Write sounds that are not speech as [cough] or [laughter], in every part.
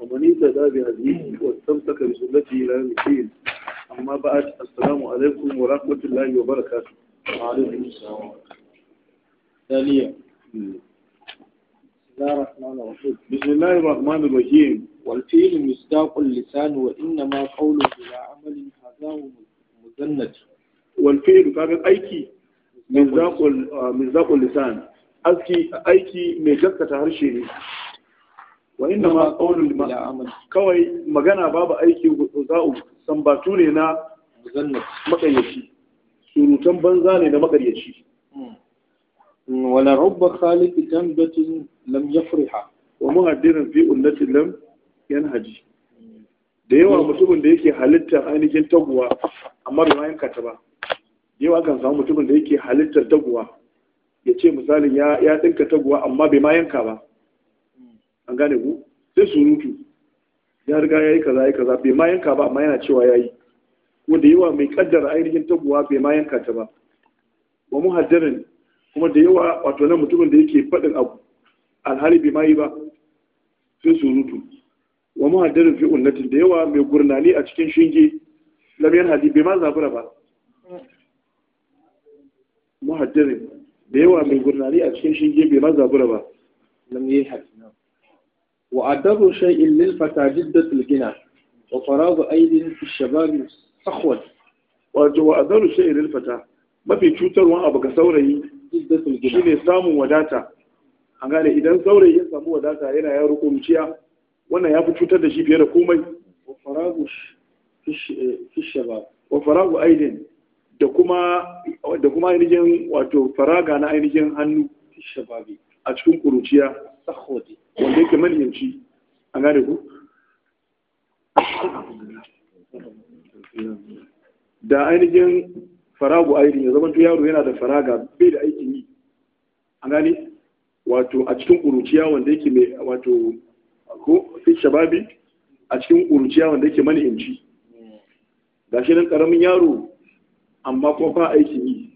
wa mani da zabi a zini wa tsamtaka da sunnati ila yin ke amma ba a cikin assalamu alaikum wa rahmatullahi wa baraka su a alaikum daliya bismillahir rahmanir rahim wal fi'l misdaqul lisan wa inna ma qawluhu la amali hadha wa muzannat wal fi'l kaga aiki misdaqul misdaqul lisan aiki mai gaskata harshe ne wa inda ma qawlul bila kawai magana babu aiki za'u sambatu ne na makayyaci surutan banza ne na makayyaci hmm. wala rubba khaliq dambatin lam yafriha wa muhaddirin fi ullatin lam haji da yawa mutumin da yake halittar ainihin taguwa amma bai mayan kata ta ba yawa kan samu mutumin da yake halittar taguwa ya ce misalin ya ɗinka taguwa amma bai ma yanka ba an gane ku sai surutu ya riga ya yi kaza ya yi kaza bai ma yanka ba amma yana cewa ya yi ko da yawa mai kaddara ainihin taguwa bai ma yanka ta ba wa muhaddarin kuma da yawa wato na mutumin da yake faɗin abu alhali bai ma yi ba sai surutu wa muhaddarin fi unnatin da yawa mai gurnani a cikin shinge lamiyar hadi bai ma zabura ba mm. muhaddarin da yawa mai gurnari a cikin shi gebe ma mazabura ba nan yi hadina wa adabu shay'in lil fatajid da tulgina wa faragu aidin fi shababi sakhwat wato wa adabu shay'in lil fata mafi cutarwa abu ga saurayi da shine samun wadata an gane idan saurayi ya samu wadata yana ya rukunciya wannan ya fi cutar da shi fiye da komai wa faragu eh, fi shabab wa faragu aidin da kuma ainihin wato faraga na ainihin hannu a cikin kuruciya wanda yake maniyanci an gane ku da ainihin faragu ainihin ya zama yaro yana da faraga bai da aikin yi an gane wato a cikin kuruciya wanda yake mai wato ko fi shababi a cikin kuruciya wanda yake maniyanci mm. shi nan karamin yaro amma kuma ba aikin yi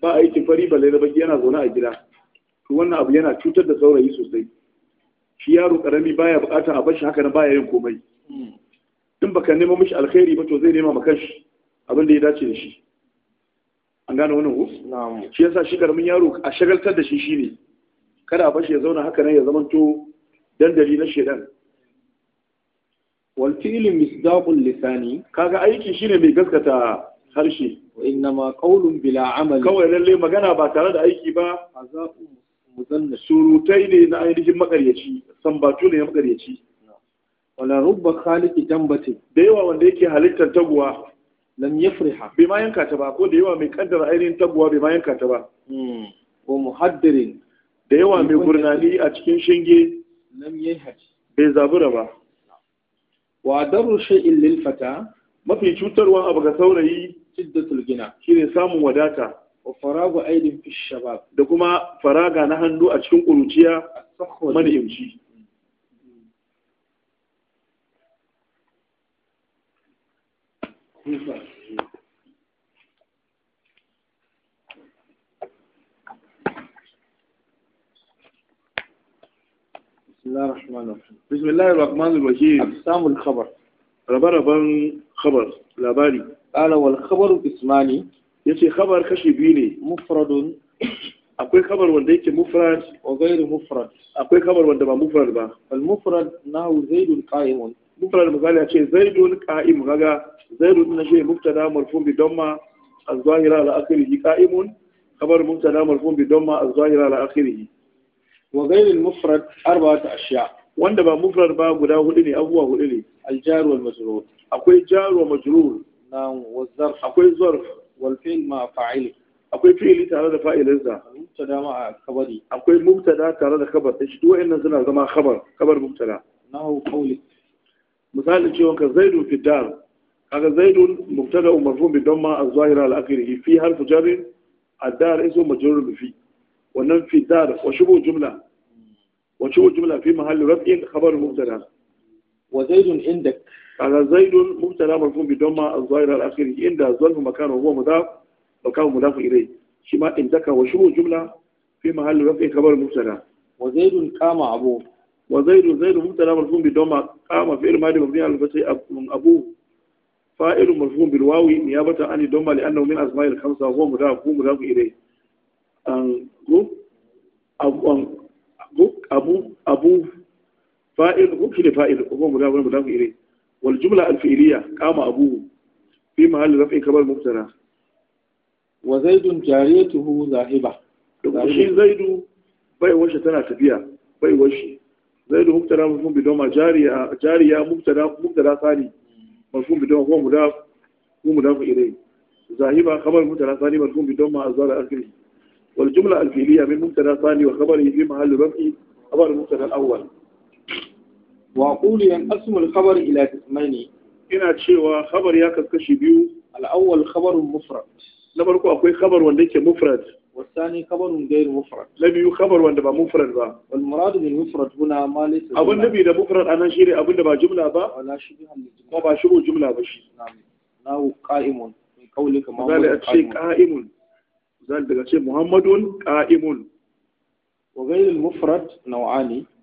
ba aikin fari ba da baki yana zaune a gida to wannan abu yana cutar da saurayi sosai shi yaro karami baya bukata a bashi haka na baya yin komai in baka nemo mishi alkhairi ba to zai nema maka shi abin da ya dace da shi an gane wannan ku shi yasa shi karamin yaro a shagaltar da shi shine kada a bashi ya zauna haka nan ya zamanto dandali na shedan wal fi'lu misdaqul lisani kaga aiki shine mai gaskata harshe wa innama qawlun bila amal kawai lalle magana ba tare da aiki ba azabu muzanna surutai ne na ainihin makaryaci sambatu ne na makaryaci wala rubba khaliqi tambati da yawa wanda yake halittar taguwa lam yafriha bai ma yanka ta ba ko da yawa mai kaddara ainihin taguwa bai ma yanka ta ba hmm. wa muhaddirin da yawa mai gurnani a cikin shinge lam yahaj bai zabura ba wa daru shay'in lil fata mafi cutarwa abu ga saurayi jiddatul gina shine samun wadata wa faragu aidin fi shabab da kuma faraga na hannu a cikin kuruciya madaimci بسم الله الرحمن الرحيم أقسام الخبر ربا ربا خبر labari qala wal khabaru ismani yace khabar kashi biyu ne mufradun akwai khabar wanda yake mufrad wa ghairu mufrad akwai khabar wanda ba mufrad ba al mufrad nahu zaidun qa'imun mufrad misali yace zaidun qa'im kaga zaidun na shi mubtada marfu bi damma az-zahira ala akhirih qa'imun khabar mubtada marfu bi damma az-zahira ala akhirih wa ghairu al mufrad arba'atu ashya wanda ba mufrad ba guda hudu ne abuwa hudu ne al jaru wal majrur akwai jaru wa majrur والظرف أكوي ظرف فاعله akwai fi'ili tare da fa'ilinsa akwai mubtada tare da kabar shi suna zama kabar kabar mubtada nahu cewa ka zaidun fi dar kaga zaidun mubtada marfu bi damma az-zahira al-akhirih fi harfu jar ad-dar ismu majrur fi wa shubu jumla jumla fi kaga zaidun mubtada marfun bi damma az-zahira al-akhir inda zalfu makan huwa mudaf wa kan mudaf ilayhi shi ma in jumla fi mahalli rafi khabar mubtada wa zaidun qama abu wa zaidun zaidun mubtada marfun bi damma qama fi'l madi mabni ala abu fa'il marfun bil wawi niyabatan an damma li annahu min asma'i al-khamsa huwa mudaf wal jumla al fi'liya qama abuhu fi mahall raf'i kabar wa zaidun jariyatuhu zahiba da shi zaidu bai washe tana tafiya bai zaidu mubtada mafhum bi doma jariya jariya mubtada mubtada sani mafhum bi doma huwa mudaf huwa mudaf zahiba khabar sani والجملة الفعلية من مبتدا ثاني وخبره في محل رفع خبر المبتدا الأول wa qulu yan asmul khabar ila qismaini ina cewa khabar ya kaskashi biyu al-awwal khabarun mufrad na farko akwai khabar wanda yake mufrad والثاني خبر غير مفرد لم يخبر وان با مفرد با والمراد من مفرد هنا ما ليس ابو النبي ده مفرد انا شيء ابو ده با جمله با ولا شبه الجمله با شبه جمله با شيء نعم ناو قائم من قولك ما قال شيء قائم قال daga ce muhammadun qa'imun wa ghayr al mufrad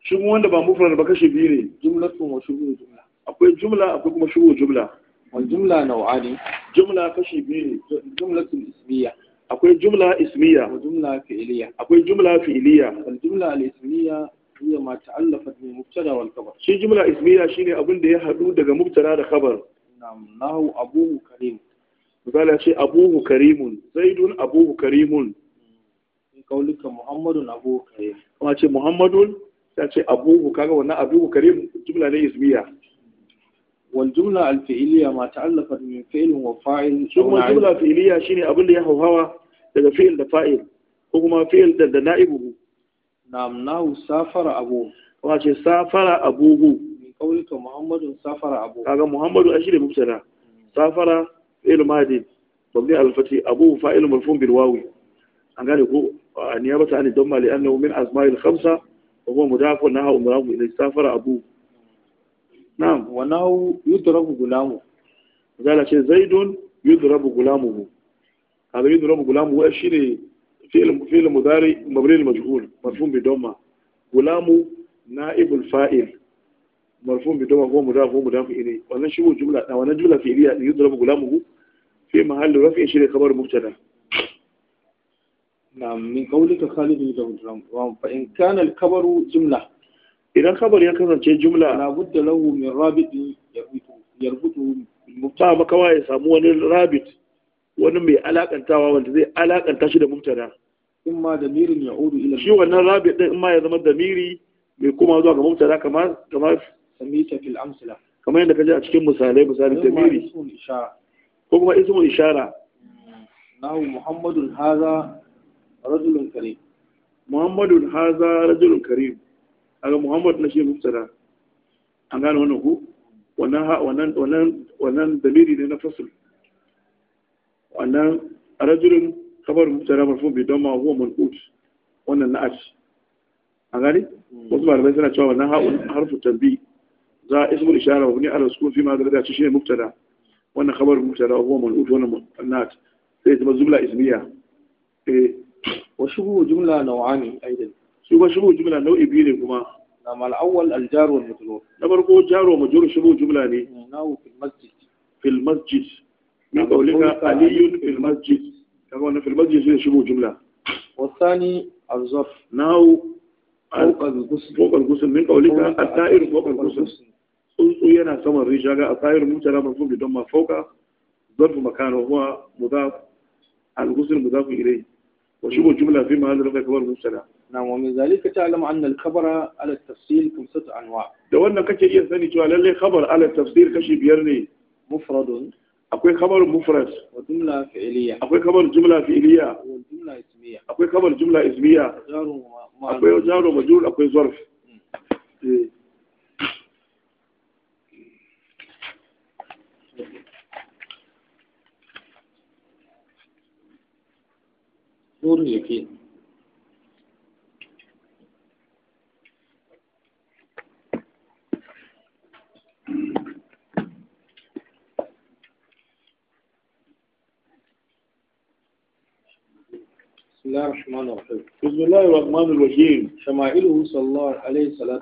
shi wanda ba mufrad ba kashi biyu ne jumlatun wa shubu jumla akwai jumla akwai kuma shubu jumla wal jumla nau'ani jumla kashi biyu ne jumlatul ismiya akwai jumla ismiya wa jumla filiya. akwai jumla filiya. wal jumla al ismiya hiya ma ta'allafat min mubtada wal khabar shi jumla ismiya shine abin da ya hadu daga mubtada da khabar na'am nahu abuhu karim misali ce abuhu karimun zaidun abuhu karimun kaulika muhammadun abuhu karim kuma ce muhammadun ta ce abubu kaga wannan abubu karim jumla ne ismiya wal jumla al fi'liya ma ta'allafat min fi'lin wa fa'il kuma jumla fi'liya shine abin da ya hauhawa daga fi'il da fa'il ko kuma fi'il da na'ibuhu nam nahu safara abu kuma ce safara abuhu min qawlika muhammadun safara abu kaga muhammadu ai shine mubtada safara fi'il madi mabni al fati abu fa'il marfu' bil wawi an gane ko ta ne don mali annahu min asma'il khamsa Wa goma guda haka wani na hau gula mu? Ina abu? Na, wa na hu yadda rabu gula mu? Mujalla zai ɗon yadda rabu gula mu bu Haka yadda rabu gula mu zari mabirin ma jihun marfumbi don na ibul fa'il marfumbi don mu, da hu, da hu, ne jumla, a wannan jumla ke iya yadda rabu gula mu bu? Fai ma hallar rafiya shi ne kamar muktadar. na min kaulika khalidun jamdram fa in kana al-kabaru jumla idan kabar ya kasance jumla la budda lahu min rabit yarbutu mubtada ba kawai ya samu wani rabit wani mai alakantawa wanda zai alakanta shi da mubtada in ma damirin ya udu ila shi wannan rabit din in ma ya zama damiri mai kuma zuwa ga mubtada kamar kamar samita fil amsala kamar yadda kaje a cikin misalai ko kuma ishara nahu muhammadun rajulun karim muhammadun haza rajulun karim aga muhammad na shi mubtada an gane wannan ku wannan wannan wannan wannan dalili ne na fasul wannan rajulun kabar mubtada marfu bi dama huwa manqut wannan na ash an wasu malamai suna cewa wannan harfu tanbi za ismul ishara wa bani ala sukun fi ma da shi ne mubtada wannan kabar mubtada huwa manqut wannan na sai zama jumla ismiya wa shubu jumla nau'ani aidan shi ba shubu jumla nau'i biyu ne kuma na mal'awwal aljar wal majrur na farko jar wa majrur shubu jumla ne nawo fil masjid fil masjid min qawlika aliyun fil masjid kaga jumla والثاني الظرف ناو فوق الغسل فوق الغسل من قولك الطائر فوق الغسل tsuntsu yana saman risha ga a tsayar mutara mafi bidon mafauka zarfi makano kuma mudaf al وشوفوا الجملة في محل رفع خبر مبتدا نعم ومن ذلك تعلم أن الخبر على التفصيل خمسة أنواع لو أن كشي إيه ثاني شو للي خبر على التفصيل كشي بيرني مفرد أكوي خبر مفرد وجملة فعلية أكوي خبر جملة فعلية والجملة اسمية أكوي خبر جملة اسمية جار ومجرور أكوي جار ومجرور أكوي ظرف نور اليقين بسم الله الرحمن الرحيم بسم الله الرحمن الرحيم شمائله صلى الله عليه وسلم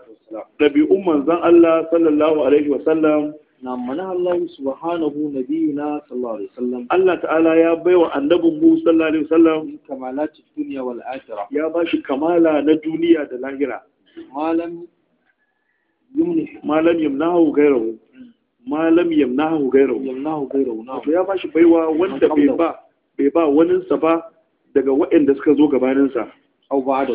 نبي أم زن الله صلى الله عليه وسلم na mana Allah subhanahu biyu sallallahu alaihi wasallam Allah ta'ala ya baiwa annabin mu sallallahu alaihi wasallam kamalati dunya wal akhirah ya bashi kamala na duniya da lahira malam yumni malam yumnahu gairahu malam yumnahu gairahu yumnahu gairahu na ya bashi baiwa wanda bai ba bai ba wani sa ba daga waɗanda suka zo gabanin sa au ba'da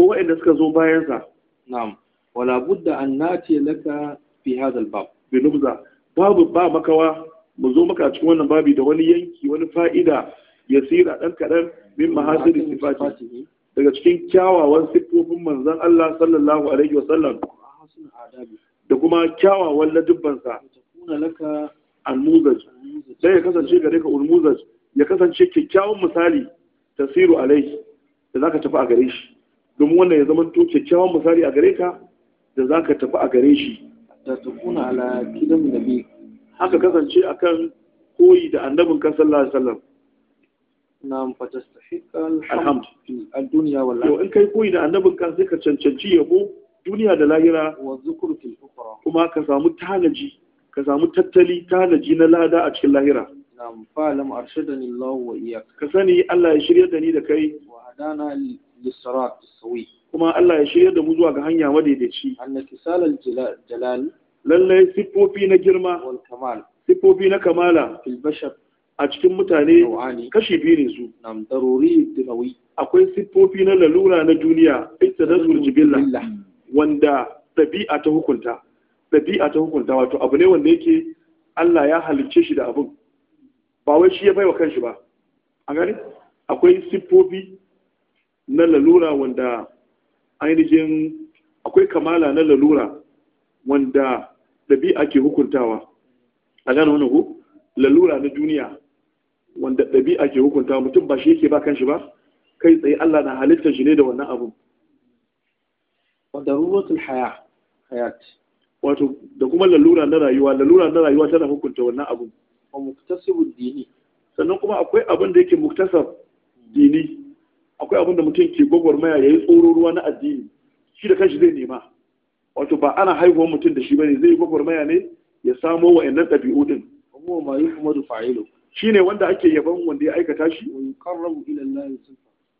ko waɗanda suka zo bayan sa na'am wala budda an nati laka fi hadha al-bab binubza babu ba makawa mu zo maka cikin wannan babi da wani yanki wani fa'ida yasira dan kadan min mahasiri sifati daga cikin kyawawan siffofin manzon Allah sallallahu alaihi sallam da kuma kyawawan ladubbansa almuzaj sai ya kasance gare ka almuzaj ya kasance kyakkyawan misali tasiru alai da zaka tafi a gare shi domin wannan ya zama to kyakkyawan misali a gare ka da zaka tafi a gare shi da tukuna ala kidan nabi haka kasance akan koyi da annabin kan sallallahu alaihi wasallam na'am fa tastahiqa alhamd fi ad-dunya wal akhirah in kai koyi da annabin kan sai ka cancanci yabo duniya da lahira wa zikru fil ukhra kuma ka samu tanaji ka samu tattali tanaji na lada a cikin lahira na'am fa lam arshadani Allah wa iyyak ka sani Allah ya shirya da ni da kai wa hadana lis-sirat as-sawi kuma Allah ya shirya da mu zuwa ga hanya madaidaici salal jalal lalle sifofi na girma wal kamal sifofi na kamala fil bashar a cikin mutane kashi biyu ne su nam daruri dinawi akwai sifofi na lalura na duniya istadazul jibilla wanda tabi'a ta hukunta tabi'a ta hukunta wato abu ne wanda yake Allah ya halicce shi da abun ba wai shi ya baiwa kanshi ba a gani akwai siffofi na lalura wanda ainihin akwai kamala na lalura wanda ɗabi'a ke hukuntawa a gane wani ku lalura na duniya wanda ɗabi'a ke hukuntawa mutum ba shi yake ba kanshi ba kai tsaye Allah na halittar shi ne da wannan abu wadaruwatul haya hayat wato da kuma lalura na rayuwa lalura na rayuwa tana hukunta wannan abu wa muktasibud dini sannan kuma akwai abin da yake muktasar dini akwai abin da mutum ke gwagwarmaya ya yi tsoro ruwa na addini shi da kanshi zai nema wato ba ana haihuwar mutum da shi bane zai gwagwarmaya ne ya samo wa ɗan ɗabi'u din kuma ma yi kuma da fa'ilu shi ne wanda ake yaban wanda ya aikata shi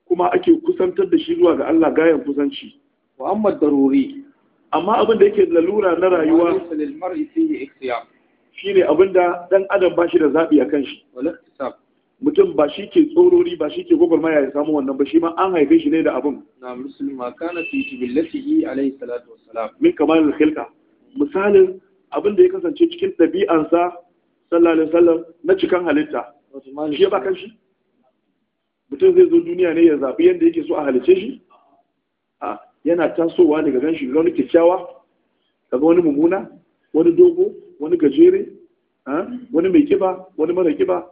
kuma ake kusantar da shi zuwa ga Allah gayan kusanci wa amma daruri amma abin da yake lalura na rayuwa shi ne abin da ɗan adam ba shi da zaɓi a kan shi mutum ba shi ke tsorori ba shi ke gwagwarmaya ya samu wannan ba shi ma an haife shi ne da abin na musulma kana fi tibillatihi alayhi salatu wassalam min kamalul khilqa misalin abin da ya kasance cikin ɗabi'ansa sallallahu alaihi wasallam na cikan halitta shi ya ba kan shi mutum zai zo duniya ne ya zafi yadda yake so a halice shi a yana tasowa daga gan shi wani kyakkyawa daga wani mummuna wani dogo wani gajere wani mai kiba wani mara kiba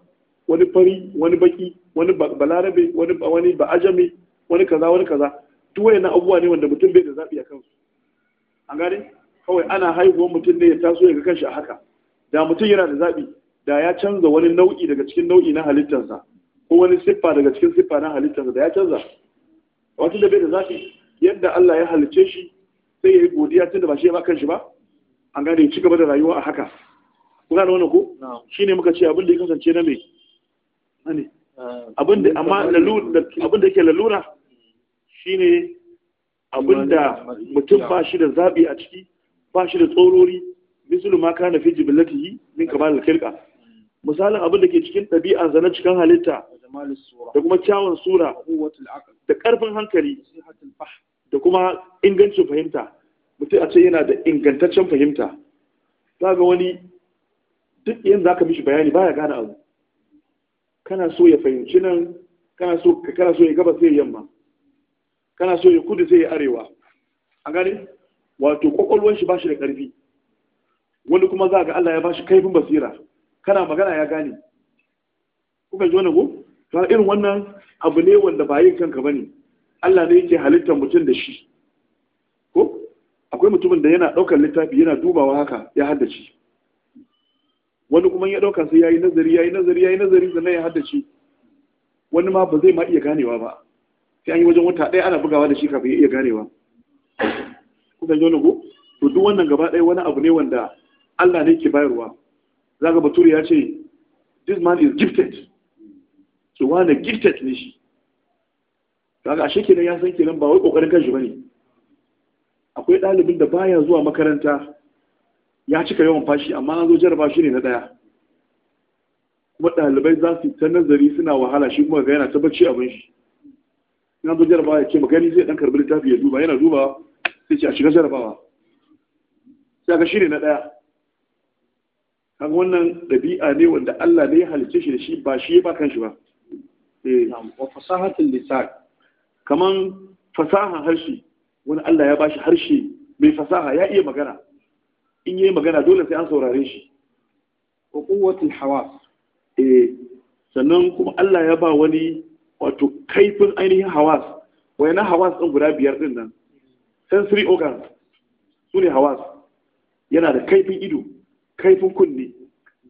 wani fari wani baki wani balarabe wani wani ba'ajami wani kaza wani kaza duk wayannan abubuwa ne wanda mutum bai da zabi a kansu an gane kawai ana haihuwar mutum ne ya taso ya ga kanshi a haka da mutum yana da zabi da ya canza wani nau'i daga cikin nau'i na halittarsa ko wani siffa daga cikin siffa na halittarsa da ya canza wato da bai da zabi yadda Allah ya halicce shi sai ya yi godiya tunda ba shi ya ba kanshi ba an gane ya ci gaba da rayuwa a haka kuna da wannan ko shine muka ce abin da ya kasance na mai Ah, abinda amma abinda yake lalura shi shine abinda mutum ba shi da zaɓi a ciki ba shi da tsorori misali ma kana fi yi min da khilqa misalin abinda ke cikin ɗabi'an zane cikin halitta da kuma kyawun sura da ƙarfin hankali da kuma ingancin fahimta mutum a ce yana da ingantaccen fahimta za ga wani duk yin za ka mishi bayani baya gane abu kana so ya fahimci nan kana so so ya gaba sai yamma kana so ya kudu sai ya arewa a gane wato kwakwalwar shi bashi da karfi wani kuma za ga Allah ya bashi kaifin basira kana magana ya gane kuka ji wani ko to irin wannan abu ne wanda ba yin kanka ba ne. Allah ne yake halittar mutum da shi ko akwai mutumin da yana daukar littafi yana dubawa haka ya haddace wani kuma ya ɗauka sai ya yi nazari ya yi nazari ya yi nazari sannan ya haddace wani ma ba zai ma iya ganewa ba sai an yi wajen wata ɗaya ana bugawa da shi kafin ya iya ganewa kuka ji wani ko to duk wannan gaba ɗaya wani abu ne wanda Allah ne ke bayarwa zaka bature ya ce this man is gifted to wani gifted ne shi kaga ashe kenan ya san kenan ba wai kokarin ba ne. akwai ɗalibin da baya zuwa makaranta ya cika yawan fashi amma an zo jarraba shi ne na ɗaya kuma ɗalibai za su ta nazari suna wahala shi kuma ga yana ta bacci abin shi na zo jarraba ya ce magani zai ɗan karbi littafi ya duba yana duba sai ce a shiga jarrabawa sai ga shi ne na ɗaya kan wannan ɗabi'a ne wanda Allah ne ya halicce shi da shi ba shi ya ba kanshi ba eh wa fasahatul lisan kaman fasaha harshe wani Allah ya bashi harshe mai fasaha ya iya magana in yi magana dole sai an saurare shi wa quwwatul hawas eh, sannan kuma Allah ya ba wani wato kaifin ainihin hawas wayannan hawas din guda biyar din nan sensory organs su ne hawas yana da kaifin ido kaifin kunne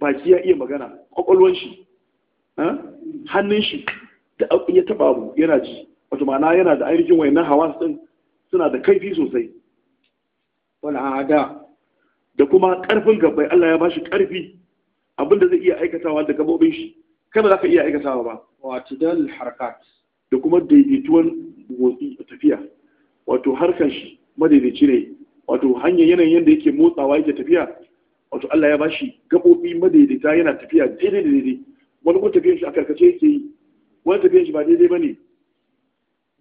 baki ya iya magana Ƙwaƙwalwan shi hannun shi da ya taba abu yana ji wato ma'ana yana da ainihin wayannan hawas din suna da kaifi sosai wal ada da kuma ƙarfin gabbai Allah ya bashi ƙarfi abinda zai iya aikatawa da gabobin shi kada za ka iya aikatawa ba wato tidal harkat da kuma daidaituwan motsi a tafiya wato harkar shi madaidaici ne wato hanyar yanayin yadda yake motsawa yake tafiya wato Allah ya bashi gabobi madaidaita yana tafiya daidai da daidai wani kuma tafiyan shi a karkace yake yi wani tafiyan shi ba daidai ba ne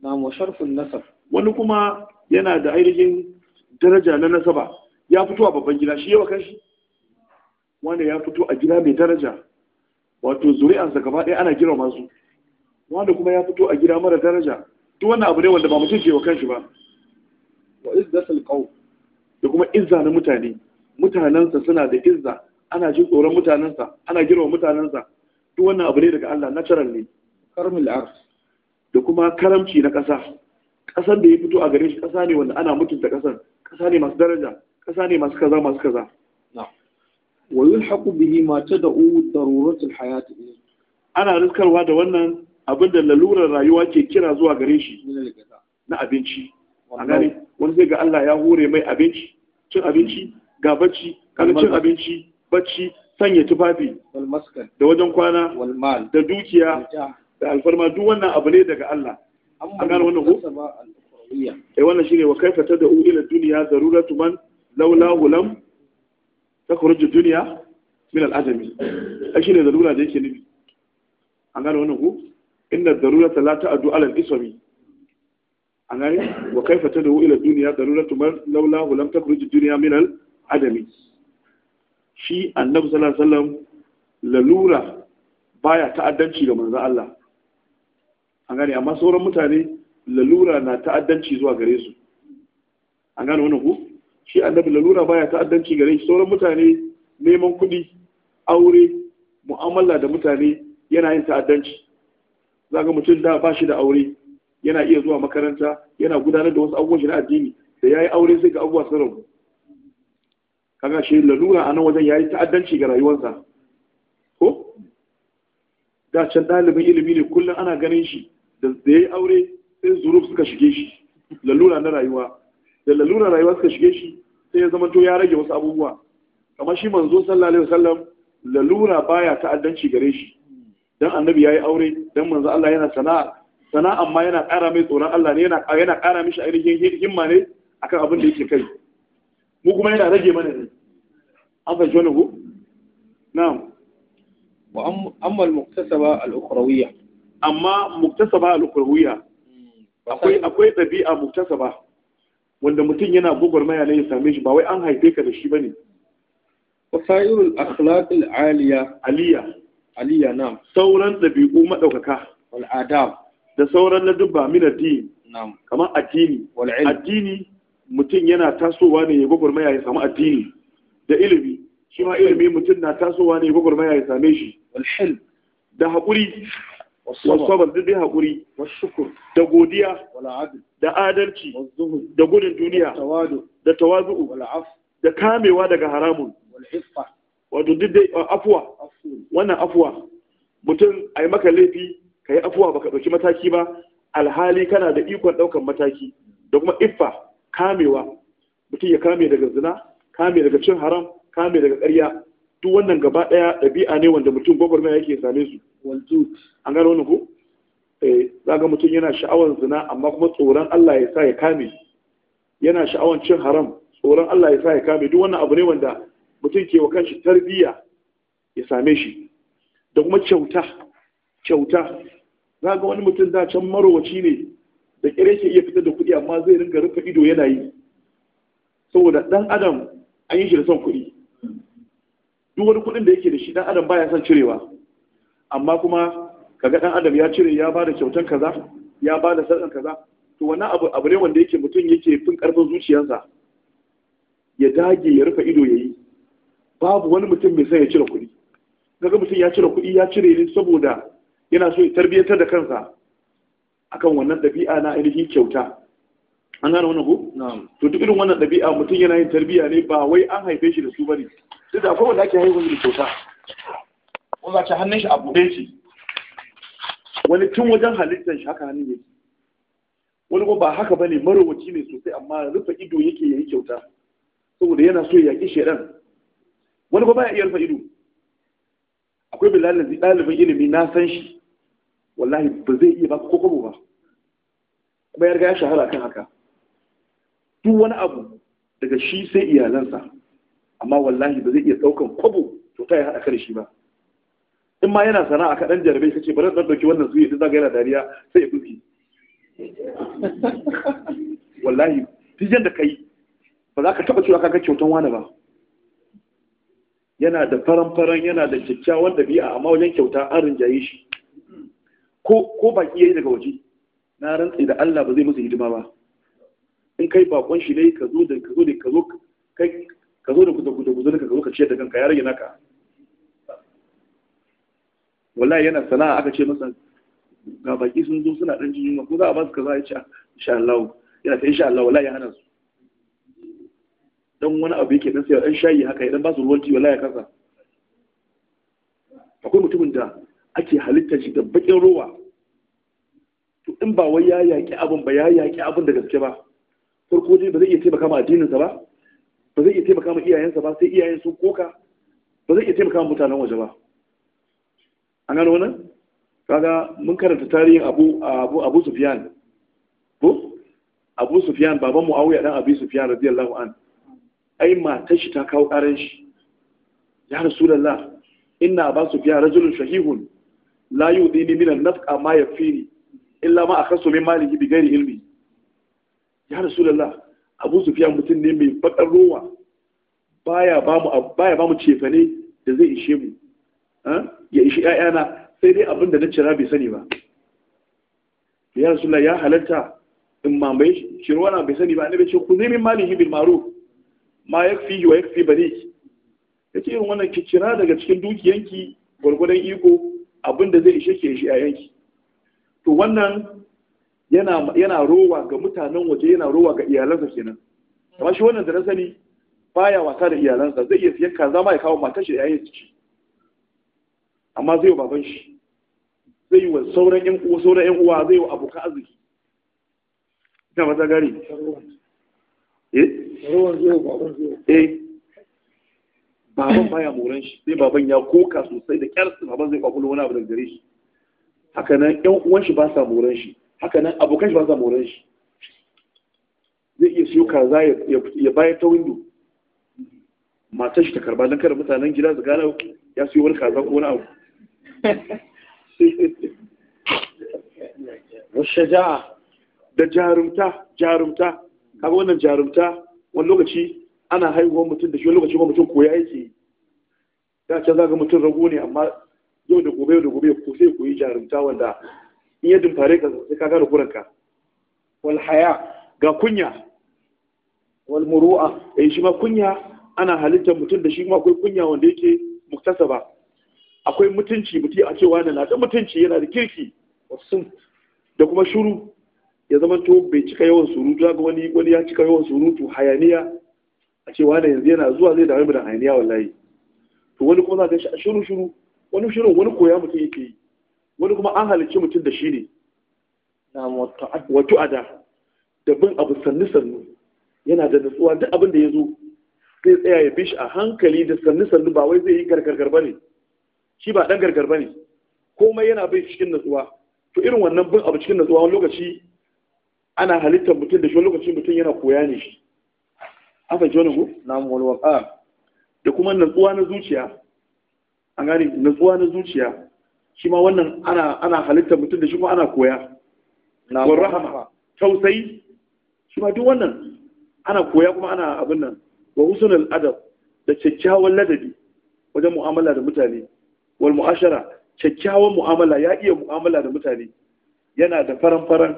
na musharfin nasar wani kuma yana da ainihin daraja na nasaba ya fito a babban gida shi yawa shi. wanda ya fito a gida mai daraja wato zuri'ansa gaba ɗaya ana girma su wanda kuma ya fito a gida mara daraja duk wannan abu ne wanda ba mutum ke wa kanshi ba wa sal qaw da kuma izza na mutane mutanensa suna da izza ana jin tsoron mutanensa ana girma mutanensa duk wannan abu ne daga Allah natural ne karmul ars da kuma karamci na ƙasa ƙasan da ya fito a gare shi ƙasa ne wanda ana mutunta ƙasan ƙasa ne masu daraja ƙasa ne masu kaza masu kaza wa haƙu bihi ma da darurat alhayat ana riskarwa da wannan abin da lalurar rayuwa ke kira zuwa gare shi na abinci a gane wani zai ga Allah ya hore mai abinci cin abinci ga bacci kaga cin abinci bacci sanya tufafi da wajen kwana da dukiya da alfarma duk wannan abu ne daga Allah A gane wannan ko eh wannan shine wa da tad'u ila da daruratu man laula hulam ta kuruji duniya min al'ajami a shi ne zarura da yake nufi an gane wani ku inda zarura ta la ta'addu ala al-isami an gane wa kaifa da wu'ilar duniya zaruratu man laula hulam ta kuruji duniya min al'ajami shi annabi sallallahu alaihi lalura baya ta'addanci ga manzo Allah an gane amma sauran mutane lalura na ta'addanci zuwa gare su an gane wani ku shi annabi lalura baya ta'addanci gare shi sauran mutane neman kuɗi aure mu'amala da mutane yana yin ta'addanci za ga mutum da ba shi da aure yana iya zuwa makaranta yana gudanar da wasu abubuwan shi na addini da ya yi aure sai ga abubuwa sun rabu kaga shi lalura a nan wajen ya yi ta'addanci ga rayuwarsa ko da can ɗalibin ilimi ne kullum ana ganin shi da ya yi aure sai zuruf suka shige shi lalura na rayuwa da Lalura rayuwar suka shige shi sai ya zama to ya rage wasu abubuwa kamar shi manzo sallallahu alaihi wasallam lalura baya ta'addanci gare shi dan annabi yayi aure dan manzo Allah yana sana'a sana'a amma yana ƙara mai tsoron Allah ne yana yana ƙara mishi ainihin himma ne akan abin da yake kai mu kuma yana rage mana ne an fahimci jona ku na'am wa amma al-muktasaba al-ukhrawiyya amma muktasaba al-ukhrawiyya hmm, akwai akwai dabi'a muktasaba wanda mutum yana gwagwarmaya ne ya same shi ba wai an haife ka da shi ba ne wasairul akhlaqil aliya aliya aliya na. sauran dabi'u madaukaka wal adab da sauran ladubba min addini na'am kamar addini wal addini mutum yana tasowa ne ya gwagwarmaya ya samu addini da ilimi shi ma ilimi mutum na tasowa ne ya gwagwarmaya ya same shi wal da haƙuri wasabar duk dai haƙuri da godiya da adalci da gudun duniya da tawazu'u da kamewa daga haramun wato duk dai afuwa wannan afuwa mutum a yi maka laifi ka yi afuwa baka ɗauki mataki ba alhali kana da ikon ɗaukan mataki da kuma iffa kamewa mutum ya kame daga zina kame daga cin haram kame daga ƙarya duk wannan gaba daya dabi'a ne wanda mutum gwagwarmaya yake same su an gano wani ku eh, za ga mutum yana sha'awar zina amma kuma tsoron Allah ya sa ya kame yana sha'awar cin haram tsoron Allah ya sa ya kame duk wannan abu ne wanda mutum ke wa kanshi tarbiyya ya same shi da kuma kyauta kyauta za ga wani mutum da can marowaci ne da kire ke iya fitar da kuɗi amma zai ringa rufe ido yana yi saboda dan adam an yi shi da son kuɗi duk wani kuɗin da yake da shi dan adam baya son cirewa amma kuma kaga dan adam ya cire ya bada kyautan kaza ya bada sarkan kaza to wannan abu abu ne wanda yake mutum yake fin karfin zuciyarsa ya dage ya rufe ido yayi babu wani mutum mai son ya cire kuɗi kaga mutum ya cire kuɗi ya cire ne saboda yana so ya tarbiyyantar da kansa akan wannan ɗabi'a na ainihin kyauta an gane wannan ko to duk irin wannan dabi'a mutum yana yin tarbiyya ne ba wai an haife shi da su bane duk da kowanne ake haihuwa da kyauta wanda ce hannun shi a buɗe ce wani tun wajen halittar shi haka hannun yake wani kuma ba haka ba bane marowaci ne sosai amma rufe ido yake yayi kyauta saboda yana so ya yaƙi shedan wani kuma baya iya rufe ido akwai bilal da ɗaliban ilimi na san shi wallahi ba zai iya baka kokobo ba kuma ya riga ya shahara kan haka duk wani abu daga shi sai iyalansa amma wallahi ba zai iya daukan kwabo to ta yi haɗa kar shi ba in ma yana sana'a ka ɗan jarabe ce ba zan ɗauki wannan zuwa idan zaka yana dariya sai ya bugi [laughs] wallahi duk da yi, ba za ka taɓa cewa kaga kyautan wani ba yana da faran-faran yana da kyakkyawan ɗabi'a, amma wajen kyauta an rinjaye shi ko baki yayi daga waje na rantsi da Allah ba zai musu hidima ba in kai bakon shi ne ka zo da ka zo da ka zo kai ka zo da kuzo da ka zo ka ciyar da kanka ya rage naka wallahi yana sana'a aka ce masa ga baki sun zo suna dan jinjin ko za a ba su kaza ya ce ah, insha Allah yana ta insha Allah wallahi ya hana su dan wani abu yake dan sai dan shayi haka ya ba su ruwan ti wallahi ya kasa akwai mutumin da ake halitta shi da bakin ruwa to in ba wai ya yaki abin ba ya yaki abin da gaske ba farko dai ba zai iya taimaka ma sa ba ba zai iya taimaka ma iyayensa ba sai iyayen sun koka ba zai iya taimaka ma mutanen waje ba an gano wannan kaga mun karanta tarihin abu abu abu sufyan ko abu sufyan baban muawiya dan abi sufyan radiyallahu an ai matar shi ta kawo karan shi ya rasulullah inna ba sufyan rajulun shahihun la yudini min an-nafqa ma yafini illa ma akhasu min malihi bi ghairi ilmi ya rasulullah abu sufiyan mutum ne mai bakar rowa baya ba mu cefane da zai ishe mu ya ishe ‘ya'yana sai dai abinda na cira bai sani ba ya rasula ya halatta in ma mai shirwana bai sani ba bai ce ku nemi mali bil ma'ruf ma ya fi, wa yakfi bani yace yin wannan ki cira daga cikin dukiyanki gwargwadon iko abinda da zai ishe ke ishe ‘ya'yanki to wannan yana rowa ga mutanen waje yana rowa ga iyalansa kenan amma shi wannan da na sani baya wasa da iyalansa zai iya siyan kaza ma ya kawo matar shi da yayin ciki. amma zai yi baban shi zai yi wa sauran yan uwa sauran yan uwa zai yi wa abokan arziki ina mata gari eh eh baban baya moran shi sai baban ya koka sosai da kyar baban zai kwakwalo wani abu daga gare shi haka nan yan uwan shi ba sa moran shi haka nan abokan shi ba sa moran shi zai iya siyo kaza ya bayar ta windo matar shi ta karba don kada mutanen gida su gane ya siyo wani kaza ko wani abu rushaja'a da jarumta jarumta kaga wannan jarumta wani lokaci ana haihuwar mutum da shi wani lokaci kuma mutum koya yake da can ga mutum rago ne amma yau da gobe yau da gobe ko sai koyi jarumta wanda in ya dumfare ka sai ka gane kuranka wal haya ga kunya wal muru'a eh shi ma kunya ana halittar mutum da shi ma akwai kunya wanda yake muktasaba akwai mutunci mutum a cewa na da mutunci yana da kirki wasu da kuma shuru ya zama to bai cika yawan surutu ga wani wani ya cika yawan surutu hayaniya a cewa da yanzu yana zuwa zai dawo da hayaniya wallahi to wani kuma za ka shi shuru shuru wani shuru wani koya mutum yake yi wani kuma an halicci mutum da shi ne wato ada da bin abu sannu sannu yana da nutsuwa duk abin da ya zo zai tsaya ya bishi a hankali da sannu sannu ba wai zai yi gargargar ba ne shi ba dan gargar ba ne komai yana bin cikin nutsuwa to irin wannan bin abu cikin nutsuwa wani lokaci ana halittar mutum da shi wani lokaci mutum yana koya ne shi an fahimci wani ku na wani da kuma nutsuwa na zuciya an gane nutsuwa na zuciya shi ma wannan ana halitta mutum da shi kuma ana koya wani rahama tausayi shi ma duk wannan ana koya kuma ana abin nan wa husnul adab da kyakkyawan ladabi wajen mu'amala da mutane wal mu'ashara kyakkyawan mu'amala ya iya mu'amala da mutane yana da faran faran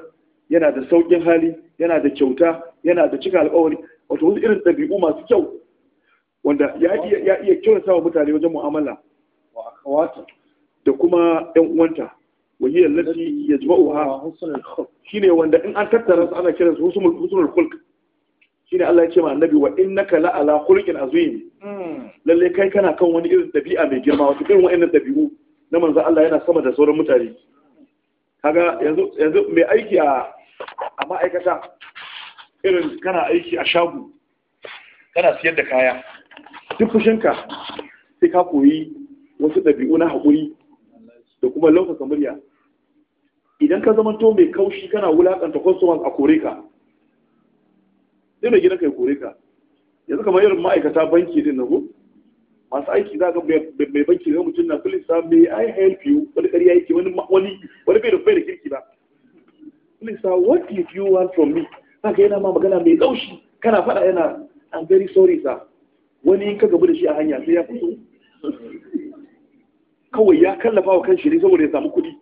yana da sauƙin hali yana da kyauta yana da cika alƙawari wato wasu irin ɗabi'u masu kyau wanda ya iya ya kyautata wa mutane wajen mu'amala wa akwata da kuma yan uwanta wani lati ya ji ma’uwa shi ne wanda in an tattara su ana kiran su husnul kulk. shi ne Allah ya ce ma annabi wa naka la’ala kulkin a azim hmm. lalle kai kana kan wani irin ɗabi'a mai girma wato irin wa’in dabi'u na manzo Allah yana sama da sauran mutane kaga yanzu yanzu mai aiki a a ma'aikata irin kana aiki a shago kana siyar da kaya duk fushinka sai ka koyi wasu ɗabi'u na haƙuri da kuma laukaka murya idan ka zama to mai kaushi kana wulakanta customers a kore ka sai mai ka yi kore ka yanzu kamar mayar ma'aikata banki din na ko masu aiki za ka mai banki ga mutum na police sa me i help you wani ƙarya yake wani wani wani bai da bai da kirki ba police sa what if you want from me ka yana ma magana mai laushi kana faɗa yana i'm very sorry sa wani in ka gabu da shi a hanya sai ya fito kawai ya kallafa wa kanshi ne saboda ya samu kuɗi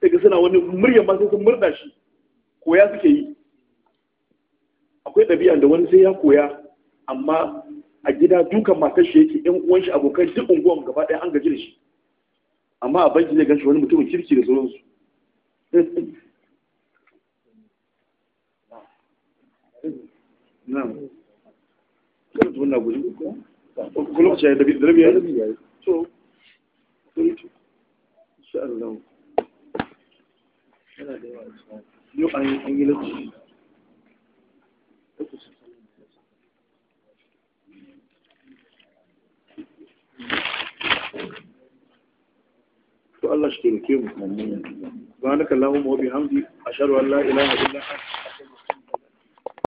daga suna wani muryan masu sai sun murda shi koya suke yi akwai ɗabi'a da wani sai ya koya amma a gida dukan matar shi yake yan uwan shi abokan duk unguwan gaba ɗaya an gaji da shi amma a banki zai ganshi wani mutumin kirki da sauransu da so Allah yana da yawa yau an yi an to Allah shi ke mu subhanakallahumma mu bihamdi ashhadu an la ilaha illa